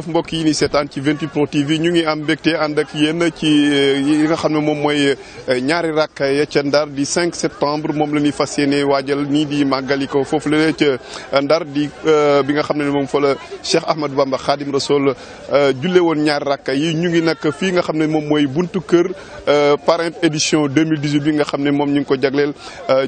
def mbokk yi ni seetaan ci 28 Pro TV ñu ngi am mbégte ànd ak ci eh, yi nga xam ne moom mooy eh, ñaari rakk ya ca Ndar di 5 septembre moom la ñuy fas yéene waajal nii di ko foofu la ca eh, Ndar di bi nga xam ne moom fa la Cheikh Ahmadou Bamba Khadim Rasoul julle woon ñaari rakk yi ñu ngi nag fii nga xam ne moom mooy buntu kër parrain édition 2018 bi nga xam ne moom ñu ngi ko jagleel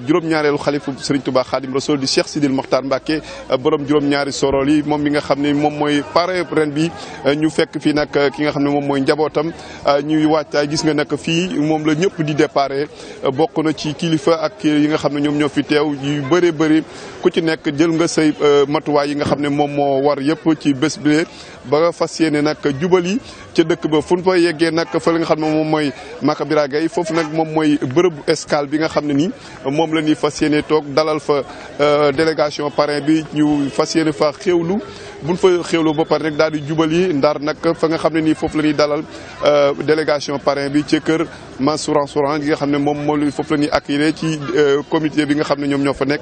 juróom-ñaareelu xalifu Serigne Touba Khadim Rasoul di Cheikh Sidil Mokhtar Mbacké borom juróom-ñaari sorol yi moom mi nga xam ne moom mooy parrain bi euh, ñu fekk fii nag euh, ki nga xam ne moom mooy njabootam euh, ñuy waajtaay gis nga nag fii moom la ñëpp di déparé bokk na ci kilifa ak yi nga xam ne ñoom ñoo fi teew yu bëri bëri ku ci nekk jël nga say matuwaay yi nga xam ne moom moo war yëpp ci bés bi ba nga fas yéene nag jubal yi ca dëkk ba fu ñu fa yeggee nag fa la nga xam ne moom mooy Makabira Gaye foofu nag moom mooy bërëbu escale bi nga xam ne nii moom la ñuy fas yéene toog dalal fa euh, délégation parrain bi ñu fas yéene fa xéewlu buñ fa xéewlu ba pare rek daal di jubal yi ndar nag fa nga xam ne nii foofu la ñuy dalal euh, délégation parrain bi ca kër Mansour Souran gi nga xam ne moom moom foofu la ñuy accueillir ci euh, comité bi nga xam ne ñoom ñoo fa nekk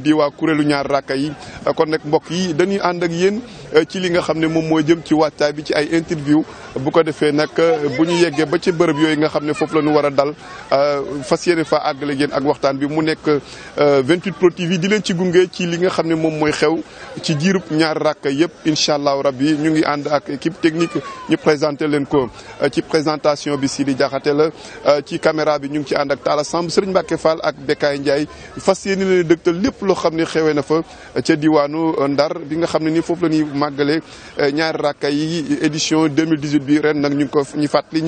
di waa kuréelu ñaar rakka yi kon nag mbokk yi dañuy ànd ak yéen ci li nga xam ne moom moo jëm ci waajtaay bi ci ay interview bu ko defee nag euh, bu ñu yeggee ba ci bërëb yooyu nga xam ne foofu la ñu war a dal euh, fas yéene fa àggale yéen ak waxtaan bi mu nekk 28 euh, Pro TV di leen ci gunge ci li nga xam ne moom mooy xew ci jiirub ñaar ràkk yëpp incha allahu rabbi ñu ngi ànd ak équipe technique ñu présenté leen ko ci présentation bi di jaxate la ci caméra bi ñu ngi ci ànd ak Talla Samb Serigne Mbacke Fall ak Bekaay Ndiaye fas yéene leen dëgtal lépp loo xam ne xewee na fa ca Ndar bi nga xam ne ni foofu la màggale ñaari rakka yi édition ñu ngi ko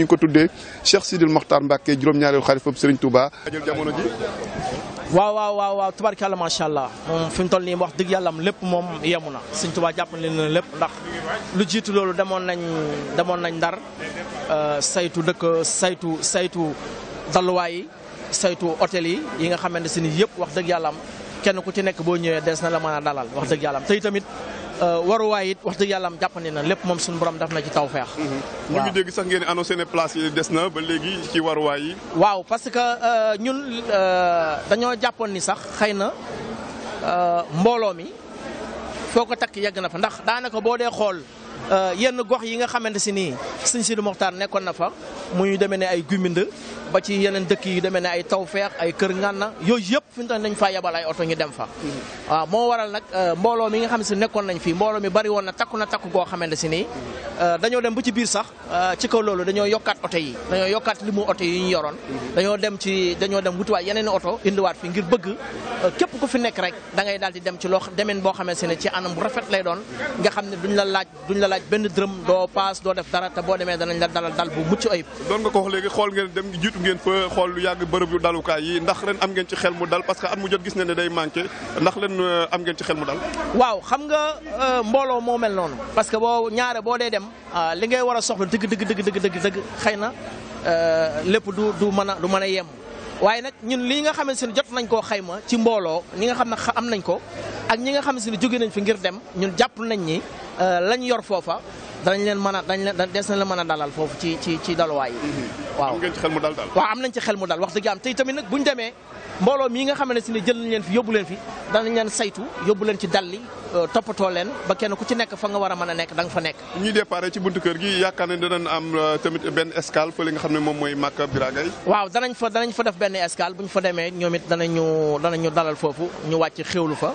ko tuddee Cheikh Sidil Mokhtar Mbacke juróom-ñaareelu xalifam Serigne Touba. jamono ji. waaw waaw waaw waaw tubarkalla macha allah moom fi mu toll nii wax dëgg yàlla am lépp moom yemu na Serigne Touba jàpp na leen lépp ndax lu jiitu loolu demoon nañ demoon nañ ndar euh, saytu dëkk saytu saytu dalluwaay yi saytu hôtel yi yi nga xamante ne yëpp wax dëgg yàlla am kenn ku ci nekk boo ñëwee des na la mën a dalal wax dëgg yàlla am te tamit. Euh, waruwaay it wax dëgg yàlla am jàppandi na lépp moom suñu borom daf na ci taw feex ñu mhm. ngi dégg sax ngeen annoncé ne place yi des na ba léegi ci waruwaay yi waaw parce que euh, ñun euh, dañoo jàppoon ni sax xëy na mbooloo mi foo ko takk yegg na fa ndax daanaka boo dee xool Euh, yenn gox yi nga xamante si nii sëñ Sidi Mokhtar nekkoon na fa muy demee ne ay Gumind ba ci yeneen dëkk yi demee ne ay Tawfeex ay Kër Ngànna yooyu yëpp fi mu toll dañ fa yabal oto ñu dem fa. waaw moo waral nag euh, mbooloo mi nga xam si nekkoon nañ fi mbooloo mi bari woon na takku na takku goo xamante si nii euh, dañoo dem ba ci biir sax ci ko loolu dañoo yokkaat oto yi dañoo yokkaat limu oto yi ñu yoroon. dañoo dem ci dañoo dem wutiwaat yeneen oto indiwaat fi ngir bëgg képp ku fi nekk rek da daal di dem ci loo demeen boo xamante ne ci anam bu rafet lay doon laaj benn dërëm doo paas doo def dara te boo demee danañ la dalal dal bu mucc ayib doon nga ko wax léegi xool ngeen dem jiitu ngeen fa xool lu yàgg bërëb yu dalukaay yi ndax ren am ngeen ci xel mu dal parce que at mu jot gis ne ne day manqué ndax leen euh, am ngeen ci xel mu dal waaw xam nga euh, mbooloo moo mel noonu parce que boo ñaare boo dee dem euh, li ngay war a soxla dëgg dëgg dëgg dëgg dëgg dëgg xëy na lépp du du mën a du mën a yem waaye nag ñun lii nga xamante ne jot nañ koo ma ci mbooloo ñi nga xam ne am nañ ko ak ñi nga xam si ne jóge nañ fi ngir dem ñun jàpp nañ ni euh, lañ yor foofa danañ leen mën a dañ leen des na leen mën a dalal foofu ci ci ci daluwaay yi. Mhm. waaw am ngeen ci xel mu dal nañ ci xel mu dal wax dëgg am tey tamit nag buñ demee mbooloo mii nga xam ne si ne jël nañ leen fi yóbbu leen fi danañ leen saytu yóbbu leen ci dalli euh, toppatoo leen ba kenn ku ci nekk fa nga war a mën a nekk da nga fa nekk. ñi départ ci buntu kër gi yaakaar nañ danañ am euh, tamit benn escale fa li nga xam ne moom mooy Màkka Biragay. waaw danañ fa danañ fa def benn escale bu ñu fa demee ñoom it danañu dalal foofu ñu wàcc xéwlu fa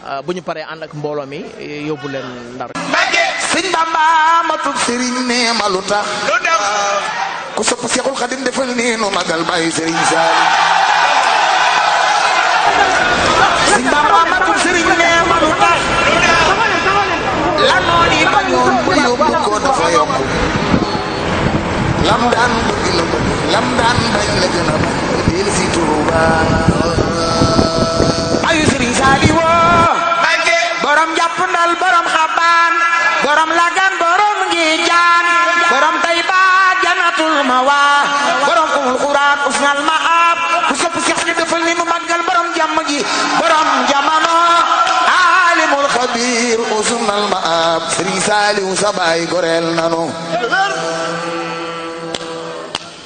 Euh, bu ñu paree ànd ak mbooloo mi euh, yóbbu ndar. sëñ ma tub sëriñ ne tax. lu bañoon ba yóbbu ko dafa yokk. lam daan bëgg la bëgg lam daan si Tuuba. bàyyi sëriñ Saali woo. borom lagan borom ngi jaan borom tay ba janatul mawa borom umul quran usnal maab ku sopp seex ni defal ni mu màggal borom jàmm gi borom jamono alimul xabir usnal maab sëriñ saaliw sa baay goreel nanu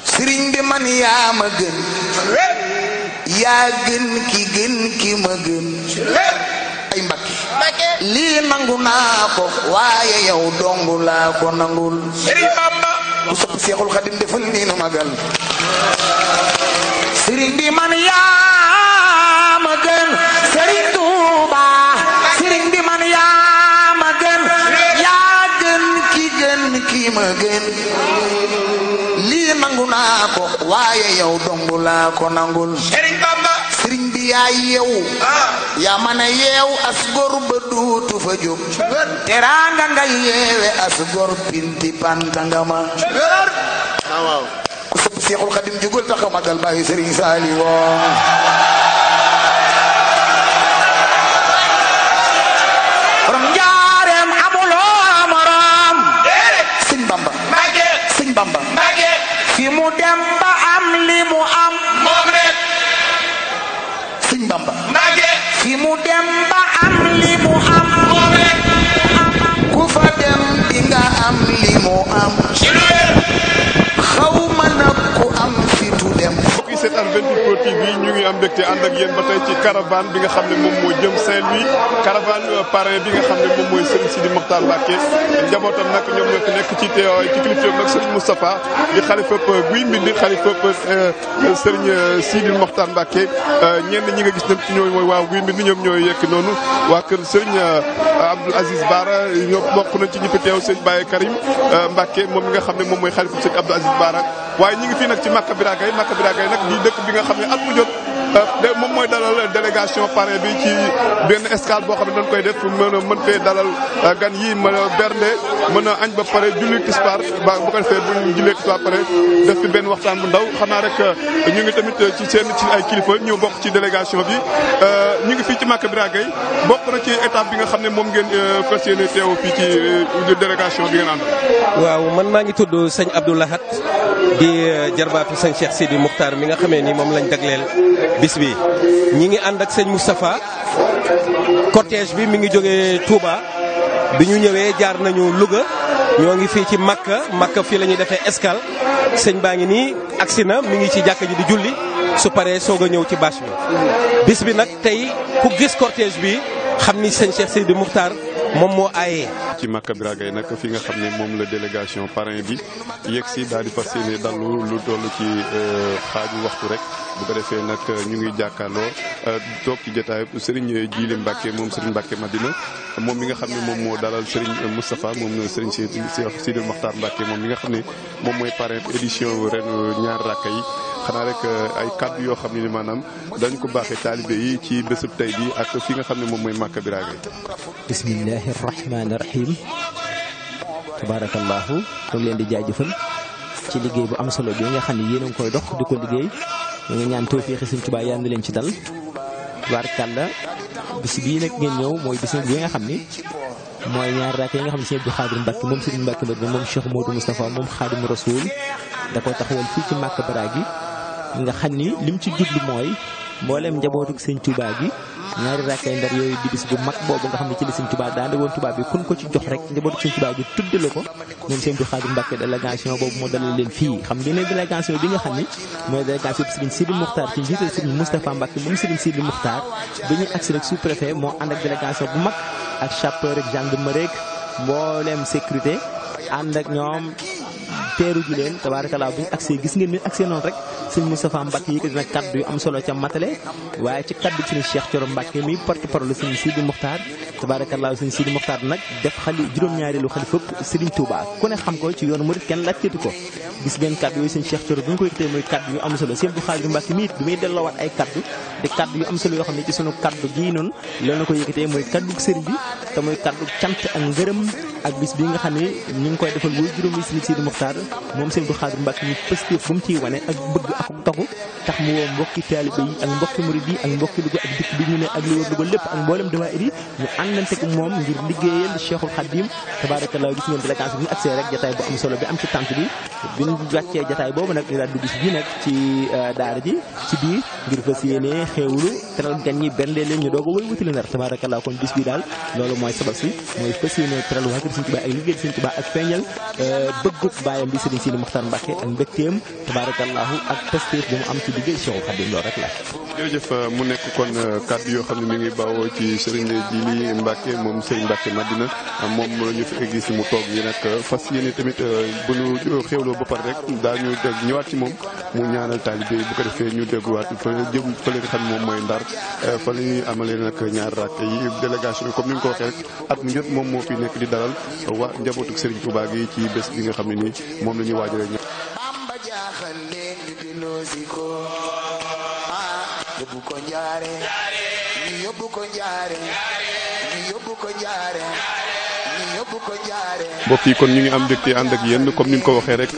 sëriñ bi man yaa ma gën yaa gën ki gën ki ma gën lii nangu naa ko waaye yow dong laa ko nangul ku sopp seexul xadim bi man yaa ma gën Tuuba sëriñ bi man yaa ma yaa gën ki gën ki ma lii nangu naa ko waaye yow dong nangul sëriñ bi yaa yew ah. yaa mën a yeew ba duutu fa jub teraanga nga yeewe as pinti pantanga ma ah, ku sëpp Seexul Xadim jugul taxaw magal bàyyi Sëriñ Saali woo mbégte ànd ak yéen ba tey ci caravane bi nga xam ne moom moo jëm Saint-Louis caravane euh, parrain bi nga xam ne moom mooy Serigne Sidi Mokhtar Mbacké njabootam nag ñoom ñoo fi nekk ci euh, ci kilifteef nag Serigne Moustapha di xalifab euh, Guy Mbindi xalifab Serigne Sidi Mokhtar Mbacké ñenn ñi nga gis nag ci ñooy mooy waa Guy Mbindi ñoom ñooy yekk noonu waa kër Serigne Abdoul Aziz Bara ñoom bokk nañ ci ñi fi teew Serigne Baye Karim Mbacké moom mi nga xam ne moom mooy xalifab Serigne Abdoul Aziz Bara waaye ñi ngi fii nag ci Maka Bira Gaye Maka Bira Gaye nag di dëkk bi nga xam ne at mu Euh, moom mooy dalal délégation parrain bi ci benn escale boo xam ne dañ koy def mën a mën fee dalal euh, gan yi mën a bernde mën a añ ba pare julli tisbaar ba bu ko defee bu ñu jullee tisbaar pare def fi benn waxtaan bu ndaw xanaa rek euh, ñu ngi tamit ci seen ci ay kilifa ñu bokk ci délégation bi ñu ngi fii ci Maka Bira Gaye bokk na ci étape bi nga xam ne moom ngeen fas yéene teew fii ci délégation bi ngeen ànd waaw man maa ngi tudd sëñ Abdou Lahat di jarbaatu sëñ Cheikh di Moukhtar mi nga xamee nii moom lañ jagleel bis bi ñi ngi ànd ak señ Moustapha cortège bi mi ngi jógee Touba bi ñu ñëwee jaar nañu Louga ñoo ngi fii ci Makka Makka fii la ñuy defee escale sëñ baa ngi nii agsi na mu ngi ci jàkka ji di julli su paree soog a ñëw ci bâche bi. bis bi nag tey ku gis cortège bi xam ni sëñ Cheikh Seydi Moukhtar moom moo aayee. ci Makka Biragay nag fi nga xam ne moom la délégation parrain bi yegg si daal di fas dallu lu toll ci euh, xaaju waxtu rek. bu ko defee nag euh, ñu ngi jàkkaarloo euh, toog ci jotaay Serigne Djily Mbacke moom Serigne Mbacke Madina moom mi nga xam ne moom moo dalal Serigne Moustapha moom Serigne Sidi Mokhtar Mbacke moom mi nga xam ne moom mooy parrain édition ren ñaar rakka yi xanaa rek euh, ay kàddu yoo xam ne ni maanaam dañ ko baaxee taalibe yi ci bésub tey bi ak fi nga xam ne moom mooy bi Màkka Biraage bismillahi rahmaani rahim tabaarakallaahu leen di jaajëfal ci liggéey bu am solo bi nga xam ne yéen a koy dox di ko liggéey ñu ñaan ñaan tawfeexi Sëriñ Tuubaa yàlla na leen ci dal tubaarkàlla bis bii nag ngeen ñëw mooy bis bi nga xam ni mooy ñaar raak yi nga xam ne Sëriñ Abdou Khadre Mbacke moom Sëriñ Mbacke Madina moom Cheikh Modou Moustapha moom Xaadimu Rasuul da ko taxawal fii ci Màkka Baraagi nga xam ni lim ci jublu mooy mboolem njabootug sëñ Touba gi ñaari rakkay ndar yooyu di bis bu mag boobu nga xam ne ci la sëñ Touba daande woon bi kun ko ci jox rek njabootuk sëñ Touba gi tudde la ko ñoom sëñ Abdou Khadim Mbacke délégation boobu moo dalal leen fii xam ngeen ne délégation bi nga xam ni mooy délégation bi Serigne Sidi Moukhtar ci njiital Serigne Moustapha Mbacke moom Serigne Sidi Moukhtar bi ñuy agsi rek sous préfet moo ànd ak délégation bu mag ak chapeur ak gendarmerie teeru ju leen tabaarakalaa bi ñu agsee gis ngeen leen agsee noonu rek sëñ Moustapha Mbacke yëkkati na kaddu yu am solo ca matale waaye ci kaddu juróom-ñaareelu xalifa Serigne Touba ku ne xam ko bi ñu ko yëkkatee muy kaddu juróom yi sëriñ Sidi moom sëñ Abdou Khadre Mbacke ñu pëstéef bu mu ciy wane ak bëgg ak taxu tax mu woo yi bi ñu ne ak li wër Louga lépp ak mboolem dawaayir yi ñu àndante ak moom euh, teral gan a kon bis bi daal loolu mooy sabab si mooy fas yéene teral waa kër Sëñ Tuubaa ak liggéeyal Sëñ Tuubaa ak feeñal euh, bëggub baayam di Serigne Sidi Mokhtar Mbacke ak mbégteem tabaarakallaahu ak pastéef bi mu am ci liggéey Cheikhoul Khadim loolu rek la. Euh, mu nekk kon euh, kàddu yoo xam ne mi ngi bawoo ci Serigne Djili Mbacke moom Serigne Mbacke Madina ah, moom la ñu fi gis mu toog yi nag euh, fas yéene tamit bu ñu ba pare rek daañu ñëwaat ci moom mu ñaanal taalibe yi ko ñu dégguwaat fële jëm moom mooy ndar fa la ñuy amalee nag ñaar rakk yi délégation comme ni ko waxee rek at mu jot moom moo fi nekk di dalal waa njabootu Serigne Touba gi ci bés bi nga xam ne nii moom la ñuy waajalee ñoom. Bamba jaaxal leen ñu delloosi ko ah yóbbu ko njaare ñu yóbbu ko njaare ñu yóbbu ko njaare. mbokk yi kon ñu ngi am mbégte ànd ak yéen comme ni mu ko waxee rek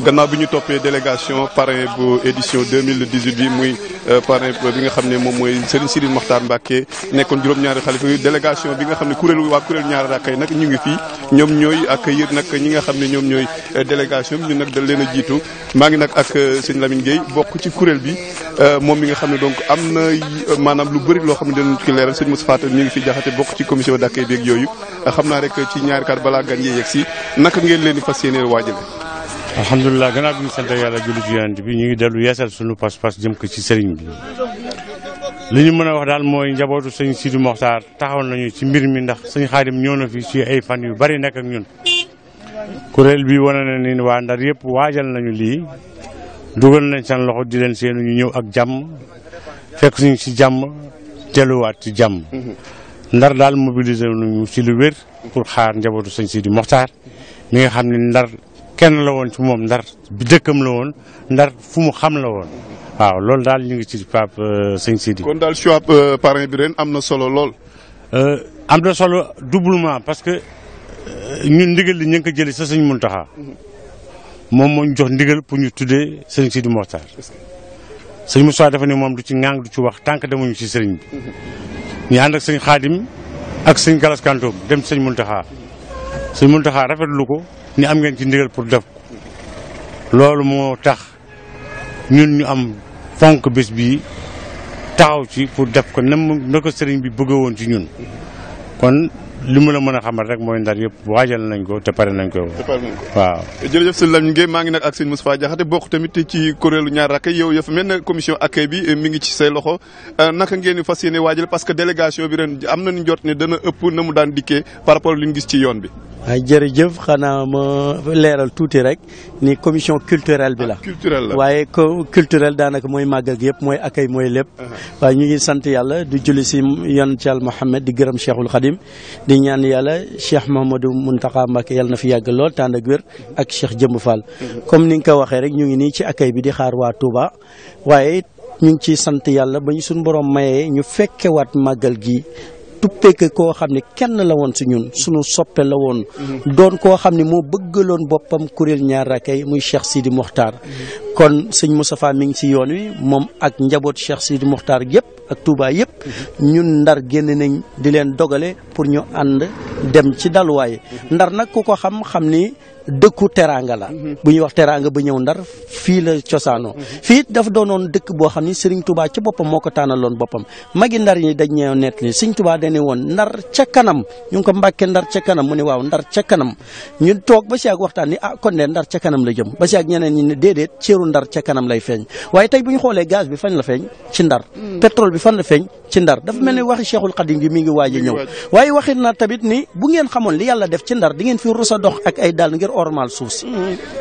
gannaaw bi ñu toppee délégation parrain bu édition 2018 bi muy euh, parrain bi nga xam ne moom mooy Serigne Sidi Mokhtar Mbacke nekkoon juróom-ñaari xalifa délégation bi nga xam ne kuréel waa kuréel ñaari rakka yi nag ñu ngi fii ñoom ñooy accueillir nag ñi nga xam ne ñoom ñooy euh, délégation bi ñu nag dal leen a jiitu maa ngi nag ak euh, sëñ Lamine Gueye bokk ci kuréel bi moom mi nga xam ne donc am na maanaam lu loo xam ne dañu ci leeral sëñ ñaari kaat balaa gan yi yegg si naka ngeen leen di fas waajale alhamdulilah gannaaw bi ñu sant yàlla julli ci yonent bi ñu ngi dellu yeesal sunu pas-pas jëm ko ci sëriñ bi li ñu mën a wax daal mooy njabootu sëñ Sidi Moxtaar taxaw nañu ci mbir mi ndax sëñ Xaadim ñëw na fi ci ay fan yu bari nekk ak ñun kuréel bi wane na ni waa Ndar yëpp waajal nañu lii dugal nañ seen loxo di leen seenu ñu ñëw ak jàmm fekk ñu ci jàmm teluwaat ci jàmm mm-hmm. ndar daal mobiliser nañu si lu wér pour xaar njabootu sëñ Sidi Moxtaar mi nga xam ne ndar kenn la woon ci moom ndar bi dëkkam la woon ndar fu mu xam la woon waaw loolu daal ñu ngi ci Pape euh, sëñ Sidi. kon daal choix euh, parrain bi ren am na solo lool. Euh, am na solo doublement parce que ñun ndigal li ñu ngi ko jëlee sa sëñ Muntaxa moom moo jox ndigal pour ñu tuddee sëñ Sidi Moxtaar sëñ Moussa dafa moom du ci ŋàng du ci wax tànk demuñu ci sëriñ bi. ñu ànd ak sëñ xaadim ak sëñ galas kantoom dem sëñ muntaxaa sëñ muntaxaa rafetlu ko ñu am ngeen ci ndigal pour def ko loolu moo tax ñun ñu am fonk bés bii taxaw ci pour def ko na na sëriñ bi bëgg woon ci ñun kon li mu la mën a xamal rek mooy ndar yëpp waajal nañ ko te pare nañ ko. te pare nañ ko waaw. jërëjëf sëñ Lamine Gueye maa ngi nag ak sëñ Moustapha Diakhaté bokk tamit ci kuréelu ñaar rakk yow yëf mel na commission accueil bi eh, mi ngi ci say loxo eh, naka ngeen di fas yéene waajal parce que délégation bi ren am nañu jot ne dana ëpp na mu daan dikkee par rapport li ñu gis ci yoon bi. waaw jërëjëf xanaa ma leeral tuuti rek ni commission culturelle bi la. Ah, waaye co daanaka mooy màggal gi yëpp mooy akay mooy lépp. Ah. waaye ñu ngi sant yàlla du julli si yoon ci Yàlla di gërëm Cheikhul Khadim di ñaan yàlla Cheikh Mouhamadou Mountakha Mbacké yàlla na fi yàgg lool tànd ak wér ak Cheikh Jëmb Fall. Mm-hmm. comme ni nga ko waxee rek ñu ngi nii ci akay bi di xaar waa Touba waaye ñu ngi ciy sant yàlla ba ñu suñ boroom mayee ñu fekkewaat màggal gi. tuppeeke koo xam ne kenn la woon si ñun suñu soppe la woon mhm. doon koo xam ne moo bëggaloon boppam kuréel ñaar rakkay muy Cheikh Sidi Mokhtar mhm. kon sëñ Moustapha mi ngi si yoon wi moom ak njaboot Cheikh Sidi Mokhtar yëpp ak Touba yëpp mhm. ñun ndar génn nañ di leen dogale pour ñu ànd dem ci daluwaay ndar nag ku ko xam xam ni dëkku teraanga la mhm. bu ñuy wax teraanga ba ñëw ndar fii la cosaanoo mhm. fii dafa doonoon dëkk boo xam ni Serigne Touba ci boppam moo ko tànnaloon boppam magi ndar ñi dañ ñëw nett ni Serigne Touba dañ ne woon ndar ca kanam ñu ngi ko mbàkkee ndar ca kanam mu ne waaw ndar ca kanam ñu toog ba a ak waxtaan ni ah kon de ndar ca kanam la jëm ba a ak ñeneen ñi ne déedéet ceeru ndar ca kanam lay feeñ waaye tey bu ñu xoolee gaz bi fan la feeñ ci ndar mm. pétrole bi fan la feeñ ci ndar dafa mel ni mm. waxi Cheikhul Khadim bi mi ngi waaj a ñëw waaye waxit na tamit ni bu ngeen xamoon li yàlla def ci ndar ormal suuf si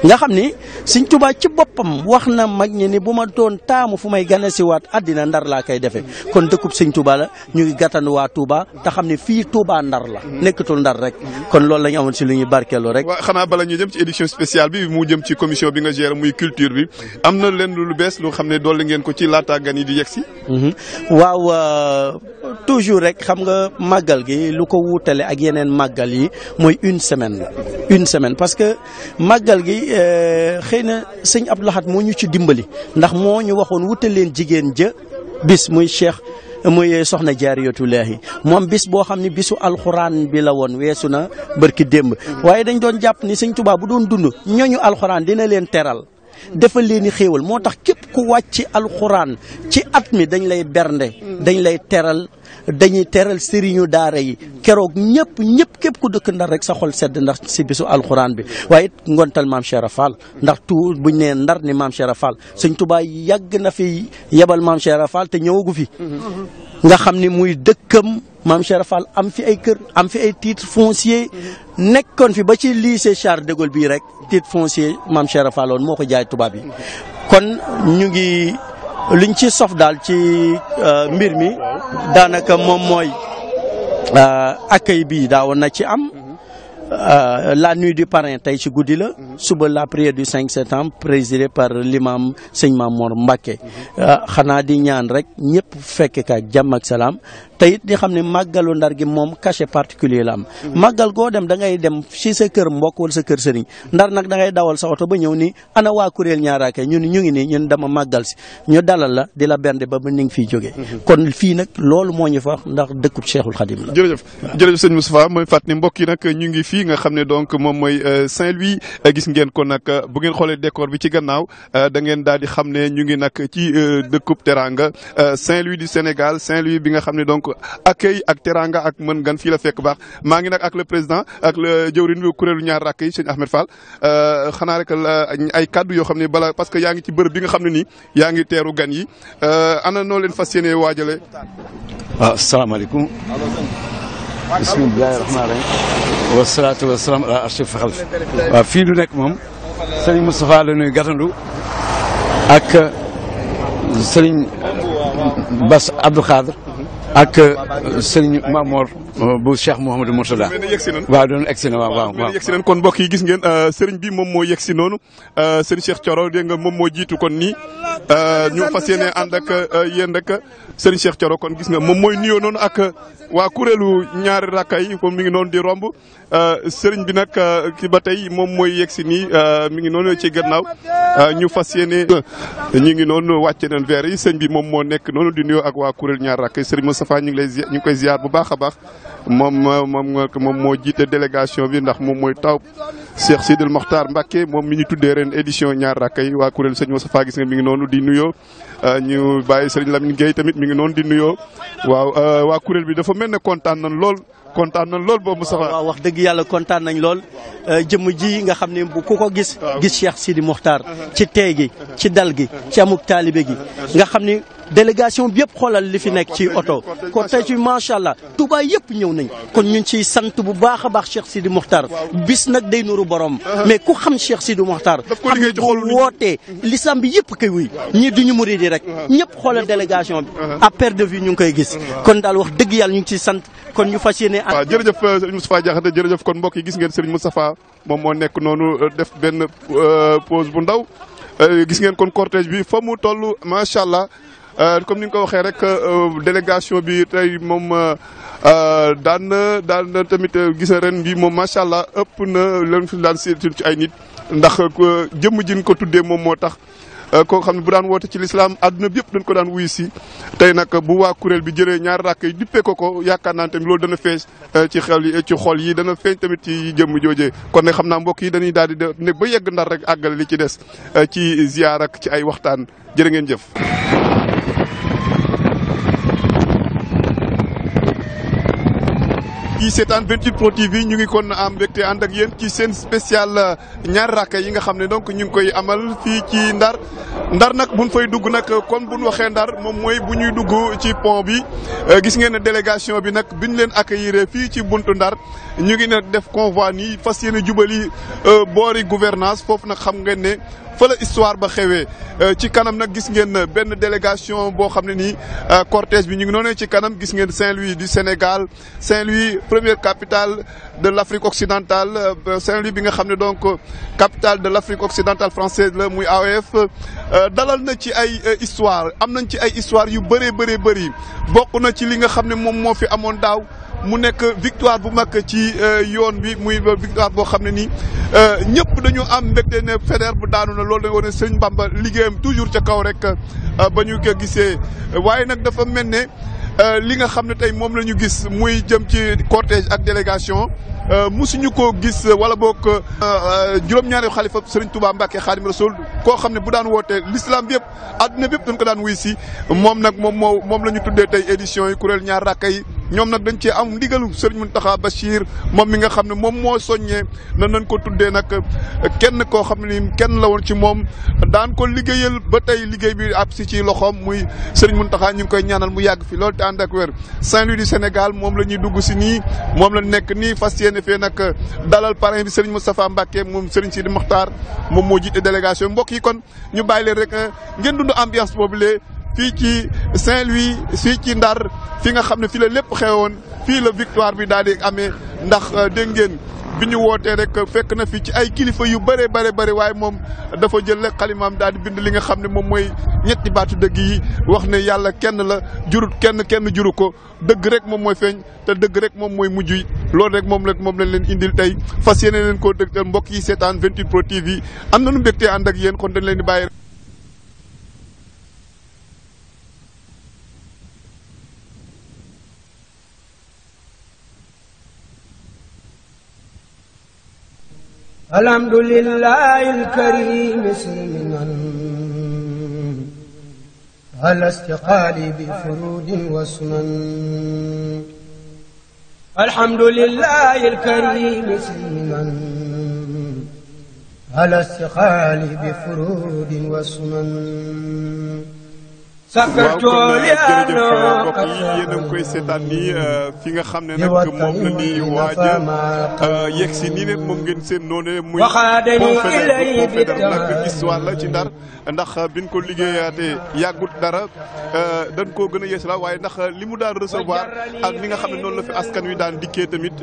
nga xam ni Sëñ Tuubaa ci boppam wax na mag ñi ni bu ma doon taamu fu may gana si waat àddina ndar laa koy defee kon dëkkub Sëñ Tuubaa la ñu ngi gàttan waa Tuubaa te xam ne fii Tuubaa ndar la nekkatul ndar rek kon loolu la ñu amoon si lu ñuy barkeelu rek waaw xanaa bala ñu jëm ci édition spéciale bi mu jëm ci commission bi nga géré muy culture bi am na leen lu bees lu xam ne dolli ngeen ko ci laata gan yi di yegg mhm. euh, rek xam nga màggal gi lu ko wuutale ak yeneen màggal yi mooy une semaine la une semaine que màggal gi euh, xëy na sëñ Abdou Lahad moo ñu ci dimbali ndax moo ñu waxoon wute leen jigéen ja bis muy cheikh muy soxna jaariyatullaahi moom bis boo xam ne bisu alxuraan bi la woon weesu na bërki démb waaye dañ doon jàpp ni sëñ Tuubaa bu doon dund ñooñu alxuraan dina leen teral defal leen i xéewal moo tax képp ku wàcc alxuraan ci at mi dañ lay bernde dañ lay teral dañuy teral sëriñu daara yi keroog ñëpp ñëpp képp ku dëkk ndar rek sa xol sedd ndax si bisu alxuraan bi waaye ngontal maam Cheikh Rafal ndax tuur buñ nee ndar ni maam Cheikh Rafal sëñ Tuubaa yàgg na fi yabal maam Cheikh Rafal te ñëwagu fi nga xam ni muy dëkkam maam Cheikh Rafal am fi ay kër am fi ay titre foncier nekkoon fi ba ci lycée Charles de Gaulle rek titre foncier maam Cheikh Rafal moo ko jaay tubaab yi kon ñu ngi liñ ci sof daal ci euh, mbir mi daanaka moom mooy euh, accueil bi daawoon na ci am euh, la nuit du parrain tey ci guddi la suba la prière du 5 septembre présidée par l'imam sëñ Mamour Mbacké xanaa di ñaan rek ñëpp fekk ak jàmm ak salaam te it di xam ne màggalu ndar gi moom cachet particulier la am. Mhm. màggal goo dem da ngay dem ci sa kër mbok wala sa kër sëriñ ndar nag da ngay dawal sa oto ba ñëw ni ana waa kuréel ñaaraake ñun ñu ngi nii ñun dama màggal si ñu dalal la di la bernde ba ba ni nga fi jógee. Mhm. kon fii nag loolu moo ñu fa ndax dëkkub Cheikhul Khadim la. jërëjëf jërëjëf sëñ Moustapha mooy fàttali mbokk yi nag ñu ngi fii nga xam ne donc moom mooy euh, Saint-Louis gis ngeen ko nag euh, bu ngeen xoolee décor bi ci gannaaw euh, da ngeen daal di xam ne ñu ngi nag ci dëkkub teranga saint du Sénégal Saint-Louis bi nga xam ne ak teranga ak mën gan fii la fekk baax maa ngi nag ak le président ak le jëwriñ bi kuréelu ñaar rakk yi sëñ Ahmed Fall euh, xanaa rek ay kaddu yoo xam ne bala parce que yaa ngi ci bërëb bi nga xam ne ni yaa ngi teeru gan yi euh, ana noo leen fas yéene waajale ah, waaw salaamaaleykum bismillahi rahmaani rahim fii du nekk moom sëriñ Moustapha la nuy ak sëriñ Bass Abdou Khadre ak euh, sëñ Mamor euh, bu Cheikh Mouhamadou Mourtada waaw doon egsi na waaw waaw waaw yegsi nañ kon mbokk yi gis ngeen euh, sëriñ bi moom moo yegsi noonu sëriñ Cheikh Thioro dégg nga moom moo jiitu kon nii ñu fas yéene ànd ak yéen rek sëriñ Cheikh Thioro kon gis nga moom mooy nuyoo noonu ak waa kuréelu ñaari rakka yi comme mi ngi noonu di romb Euh, sëriñ bi nag euh, ki ba tey moom mooy yegg si nii euh, mi ngi noonu ci gannaaw ñu fas yéene ñu ngi noonu wàcce nañ verre yi sëñ bi moom moo nekk noonu di nuyoo ak waa kuréel ñaar rakk sëriñ Moustapha ñu ngi lay ñu ngi koy bu baax a baax moom moom moom moo jiite délégation bi ndax moom mooy taw Cheikh Sidil Mokhtar Mbacke moom mi ñu tuddee ren édition ñaar rakk yi waa kuréel sëñ Moustapha gis nga mi ngi noonu di nuyoo ñu bàyyi sëriñ Lamine Gueye tamit mu ngi noonu di nuyoo waaw waa kuréel bi dafa mel ne kontaan nañ lool kontaan nañ lool boobu Moustapha wax dëgg yàlla kontaan nañ lool euh, jëmm ji nga xam ne ku ko gis gis Cheikh Sidi Mokhtar uh-huh. ci tey gi ci dal gi ci amuk taalibe gi uh-huh. nga xam ni délégation bi yëpp xoolal li fi nekk ci oto cortège bi macha allah Touba yëpp ñëw nañ kon ñu ngi ciy sant bu baax a baax Cheikh Sidi Mokhtar bis nag day nuru borom uh-huh. mais ku xam Cheikh Sidi Mokhtar xam ne bu wootee lislam bi yëpp koy wuy ñii ñu muridi rek uh-huh. ñëpp xoolal délégation bi à uh-huh. perte de vue ñu ngi koy gis kon daal wax dëgg yàlla ñu ngi ciy sant kon ñu fas yéene waaw jërëjëf euh, Serigne Moustapha Diakhaté jërëjëf kon mbokk yi gis ngeen Serigne Moustapha moom moo nekk noonu euh, def benn euh, pause bu ndaw gis ngeen kon cortège bi fa mu toll macha allah Euh, comme ni nga ko waxee rek euh, délégation bi tay moom euh, daan na daan na tamit gis na ren bi moom macha allah ëpp na leen fi daan seetul ci ay nit ndax jëm ji jin ko tuddee moom moo tax. koo xam ne bu daan woote ci lislaam àdduna bi yëpp dañ ko daan wuy si tey nag bu waa kuréel bi jëlee ñaari rakk yi dippee ko ko yaakaar naa tamit loolu dana feeñ ci xel yi ci xol yi dana feeñ tamit ci jëmm jooje kon nag xam naa mbokk yi dañuy daal di ne ba yegg ndar rek àggale ci des ci ziyaar ak ci ay waxtaan jërë ngeen jëf. yi seetaan 28 Pro TV ñu ngi kon am mbégte ànd ak yéen ci seen spécial euh, ñaar rakka yi nga xam ne donc ñu ngi koy amal fii ci Ndar Ndar nag buñ fay dugg nag kon buñ waxee Ndar moom mooy bu ñuy dugg ci pont bi euh, gis ngeen ne délégation bi nag biñ leen accueillir fii ci buntu Ndar ñu ngi ne def convoi nii fas yéene jubali euh, boori gouvernance foofu nag xam ngeen ne fa la histoire ba xewee euh, ci kanam nag gis ngeen euh, benn délégation boo xam ne nii euh, cortège bi ñu ngi noonee ci kanam gis ngeen Saint-Louis du Sénégal Saint-Louis première capitale de l'Afrique occidentale Saint-Louis bi nga xam ne donc capitale de l'Afrique occidentale française la muy AOF dalal na ci ay histoire am nañ ci ay histoire yu bëree bëree bëri bokk na ci li nga xam ne moom moo fi amoon daaw mu nekk victoire bu mag ci yoon bi muy victoire boo xam ne nii ñëpp dañu am mbégte ne loolu day wane sëñ Bamba liggéeyam toujours ca kaw rek euh, ba ñu ko gisee waaye nag dafa mel ne euh, li nga xam ne tey moom lañu gis muy jëm ci cortège ak délégation euh, musuñu ko gis wala boog juróom-ñaari xalifa sëriñ Touba Mbacke Xaadim Rasul koo xam ne bu daan wootee l'islam bi yëpp àdduna bi yëpp dañ ko daan wuy si moom nag moom moo moom la ñu tuddee tey édition yi kuréel ñaar rakka yi ñoom nag dañu cee am ndigalu sëriñ Mountakha Bachir moom mi nga xam ne moom moo soññee na nañ ko tuddee nag kenn koo xam ne kenn la woon ci moom daan ko liggéeyal ba tey liggéey bi ab si ci loxoom muy sëriñ Mountakha ñu ngi koy ñaanal mu yàgg fi loolu te ànd ak wér Saint-Louis du Sénégal moom la ñuy dugg si nii moom la nekk nii fas yéene fee nag dalal parrain bi sëriñ Moustapha Mbacké moom sëriñ Sidi Mokhtar moom moo jiite délégation mbokk yi kon ñu bàyyi leen rek ngeen dund ambiance boobu lee fii ci Saint-Louis fii ci Ndar fi nga xam ne fii la lépp xewoon fii la victoire bi daal di amee ndax euh, dégg ngeen bi ñu wootee rek fekk na fi ci ay kilifa yu bëree bëri bëri waaye moom dafa jël rek xalimaam daal di bind li nga xam ne moom mooy ñetti baatu dëgg yi wax ne yàlla kenn la jurut kenn kenn juru ko dëgg rek moom mooy feeñ te dëgg rek moom mooy mujj yi loolu rek moom rek moom lañ leen indil tey fas yéene leen koo dëgtal mbokk yi seetaan 28 Pro TV am nañu mbégte ànd ak yéen kon dañ leen di bàyyi. alhamdulillahi alkarim musliman ala istiqaali bi furudin wa sunan alhamdulillahi alkarim musliman ala istiqaali bi furudin wa sunan waaw kon euh, jërëjëf mbokk yi yéen a euh, fi nga xam ne nag moom la ñuy waaj a yegg si nii nag moom ngeen seen noonu muy pont Faidherbe pont Faidherbe nag histoire la ci ndar ndax euh, biñ ko liggéeyaatee yàggut dara dañ koo gën a yees la waaye ndax li mu daan recevoir ak li nga xam ne noonu la fi askan wi daan dikkee tamit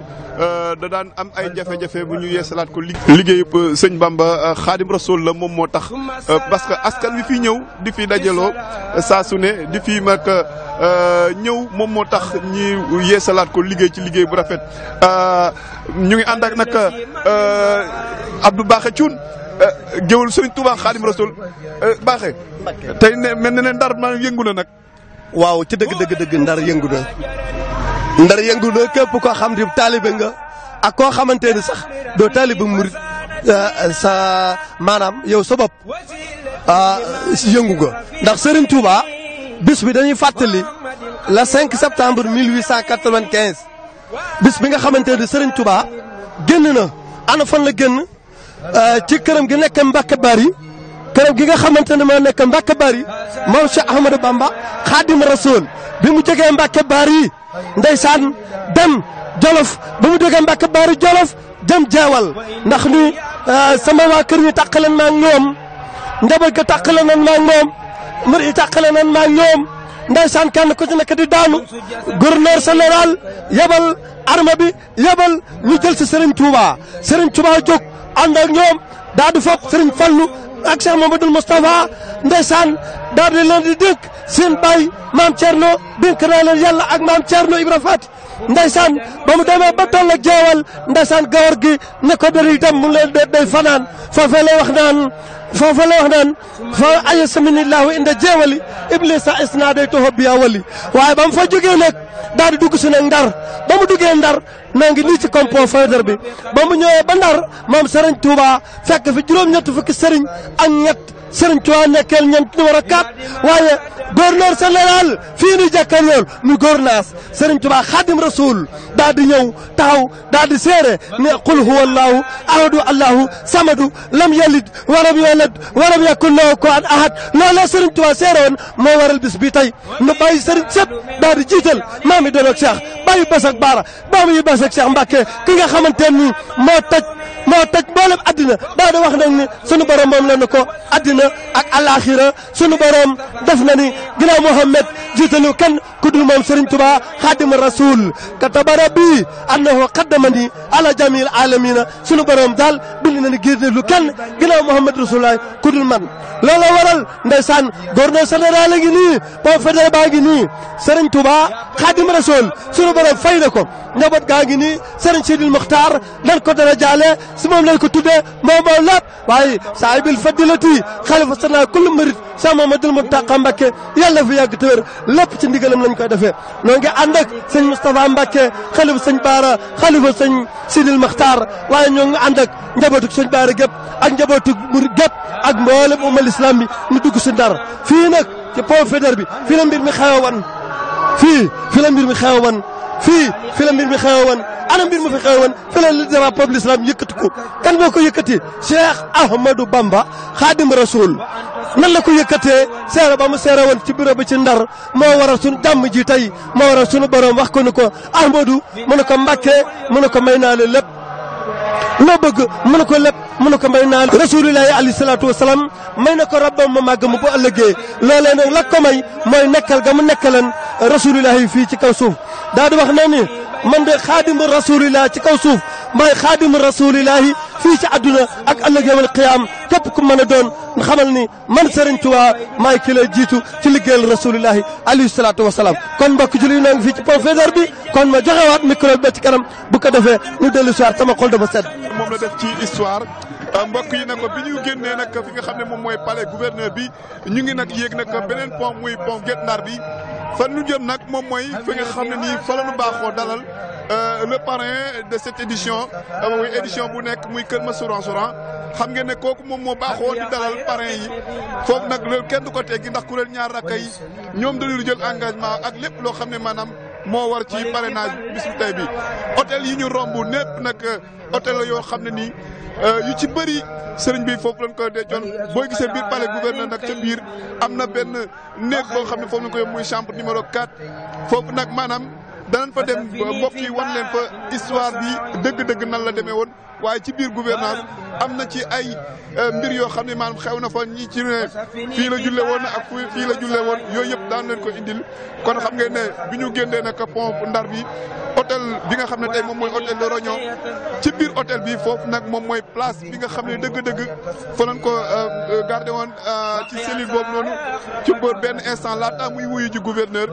da daan am ay jafe-jafe bu ñu yeesalaat ko liggéey sëñ Bamba Xaadim Rasool la moom moo tax parce que askan wi fi ñëw di fi dajaloo saa su ne di fi mag euh, ñëw moom moo tax ñi yeesalaat ko liggéey ci liggéey bu rafet euh, ñu ngi ànd ak nag euh, Baaxe Cuun géwël Sëriñ Tuubaa Xaadim Rasuul Baaxe tey ne mel na ne Ndar ma yëngu na nag waaw ci dëgg dëgg dëgg Ndar yëngu Ndar yëngu na képp koo xam ne taalibe nga ak koo xamante ne sax doo taalibe murit Euh, sa maanaam yow sa bopp ah, yëngu nga ndax Serigne Touba bis bi dañuy fàttali le 5 septembre 1895 bis bi nga xamante ne Serigne Touba génn na ana fan la génn euh, ci këram gi nekk Mbacke Bari këram gi nga xamante ne moo nekk Mbacke Bari moom Cheikh Ahmadou Bamba Xaadim Rasool bi mu jógee Mbacke Bari ndeysaan den Jolof ba mu jógee Mbacke Bari Jolof. jëm jeewal ndax ni euh, sama waa kër yi tàqale naa ñoom njaboot ga tàqale nan maa ñoom mbir yi tàqale nan maa ñoom ndeysaan kenn ku ci nekk di daanu gouverneur général yebal armée bi yebal ñu jël si Serigne Touba Serigne Touba jóg ànd ak ñoom daal di foog Serigne Fallou ak Cheikh Mamadou Moustapha ndeysaan daal di leen di dénk seen baay maam Thierno dénk naa leen yàlla ak maam Thierno Ibra Fati ndeysaan ba mu demee ba toll ak jeewal ndeysaan gawar gi ne ko yi itam mu ngi lay day fanaan foofee lay wax naan foofee lay wax naan fa ayasaminillahu inda jeewali iblisa isnaadaytuhu biya wali waaye ba mu fa jógee nag daal di dugg si nag ndar ba mu duggee ndar naa ngi nii ci compo faydar bi ba mu ñëwee ba ndar moom sëriñ Touba fekk fi juróom-ñett fukki sëriñ ak ñett sëriñ Tuubaa nekkeel ñeent numéro 4 waaye gouverneur général fii nu jàkkaarlool mu gouvernance sëriñ Tuubaa xaadim rasul daal di ñëw taxaw daal di seere ne qul huwa allahu ahadu allahu samadu lam yalid walam yolad walam yakun lahu kufuwan ahad loola sëriñ Tuubaa seere woon moo waral bis bi tey nu bàyyi sëriñ sëpp daal di jiital maam yi doon ak Cheikh bàyyi bas ak baara maam yi bas ak Cheikh Mbàkke ki nga xamante ni moo taj moo taj mboolem addina daal di wax nag ni sunu borom moom na ko addina àddina ak alaaxira sunu boroom def na ni ginnaaw Muhammad jiitalu kenn ku dul moom Serigne Touba xaadima rasul kataba rabbi annahu qaddamani ala jamil alamina sunu borom daal bind na ni jiitalu kenn ginnaaw Muhammad rasulullah ku dul man. looloo waral ndeysaan gouverneur général a ngi nii boobu fédéral baa ngi nii Serigne Touba rasul sunu borom fay na ko njaboot gaa ngi nii Serigne Sidil Muxtaar nan ko dara jaale si moom lañ ko tuddee moom moo lépp waaye saahibil fadilati xalifa sana kullu murid Cheikh Mouhamadoul Mountakha Mbacké yàlla fi yàgg te lépp ci ndigalam lañ koy defee noo ngi ànd ak sëñ Moustapha Mbacke xalifa sëñ Baara xalifa sëñ Sidil Makhtar waaye ñoo ngi ànd ak njabootuk sëñ Baara gépp ak njabootuk murid gépp ak mboolem umal islam bi ñu dugg si ndar fii nag ci pont Faidherbe bi fii la mbir mi xewoon fii fi la mbir mi xewoon fii fi la mbir mi ana mbir mu fi xewoon fële le drapeau de kan moo ko yëkkatee Cheikh Ahmadou Bamba Xaadim Rasul nan la ko yëkkatee seere ba mu seere woon ci bureau bi ci ndar moo waral suñu jàmm ji tey moo waral suñu borom wax ko ni ko Ahmadou mu ne ko Mbàkke mu ko may naa la lépp loo bëgg mu ne ko lépp mu ne ko may naa rasulillahi alayhi salaatu wasalaam may na ko rabbam ma màgg mu bu ëllëgee loolee na la ko may mooy nekkal ga mu nekkaleen rasulillahi fii ci kaw suuf daa di wax na ni man de xaadimu rasulillah ci kaw suuf maay xaadimu rasulillahi fii ci àdduna ak ëllëg yawmal qiyaam képp ku mën a doon nga xamal ni man Serigne Touba maay ki la jiitu ci liggéeyal rasulillahi alayhi salaatu wa salaam kon mbokk julli noo ngi fii ci pont bi kon ma joxewaat micro bi ba ci kanam bu ko defee ñu dellu soir sama xol dafa sedd. moom la def ci histoire. Euh, mbokk yi nag bi ñu génnee nag fi nga xam ne moom mooy palais gouverneur bi ñu ngi nag yéeg nag beneen pont muy pont Guet Ndar bi fan ñu jëm nag moom mooy fi nga nii fa la ñu baaxoo Euh, le parrain de cette édition muy euh, édition bu nekk muy Kër Masouran Souran xam ngeen ne kooku moom moo baaxoo di dalal parrain yi foofu nag loolu kenn du ko teggi ndax kuréel ñaar rakka yi ñoom dañuy jël engagement ak lépp loo xam ne maanaam moo war ci parrainage bisu tey bi hôtel yi ñu romb népp nag euh, hôtel la yoo xam ne nii yu ci bëri sëriñ bi foofu lañ koy dencoon boo gisee biir palais gouverneur nag ca biir am na benn néeg boo xam ne foofu lañ koy muy chambre numéro 4 foofu nag maanaam danañ fa dem mbokk yi wan leen fa histoire bi dëgg-dëgg nan la demee woon waaye ci biir gouvernance am na ci ay euh, mbir yoo xam ne maanaam xew na fa ñi ci ne fii la julle woon ak fii la julle woon yooyu yëpp daan leen ko indil kon xam ngeen ne bi ñu génnee nag pompe ndar bi hôtel bi nga xam ne tey moom mooy hôtel Le Rognon ci biir hôtel bi foofu nag moom mooy place bi nga xam ne dëgg-dëgg fa lañ ko euh, euh, gardé woon ci cellule boobu noonu ci bër benn instant laata muy wuyu ji gouverneur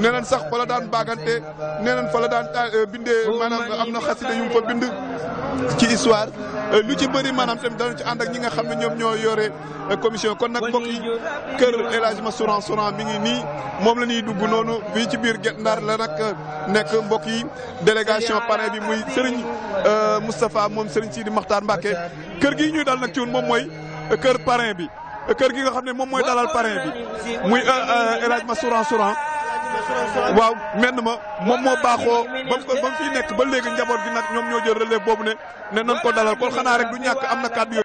nee nañ sax fa la daan baagante nee nañ fa la daan bindee maanaam am na xasida yu mu bind ci euh, lu ci bëri maanaam tamit danañ ci ànd ñi nga xam ne ñoom ñoo yore euh, commission kon nag mbokk yi kër El Hadj Massouran Souran mi ngi nii moom la ñuy dugg noonu bii ci biir Guet Ndar la nag euh, nekk mbokk yi délégation parrain bi muy Serigne Moustapha moom Serigne Sidi Makhtar Mbacke kër gii ñuy dal nag ci woon moom mooy kër parrain bi kër gi nga xam ne moom mooy dalal parrain bi muy El Hadj Massouran Souran waaw menn ma moom moo baaxoo ba mu ko ba mu fiy nekk ba léegi njaboot gi nag ñoom ñoo jël relève boobu ne ne nan ko dalal kon xanaa rek du ñàkk am na kàddu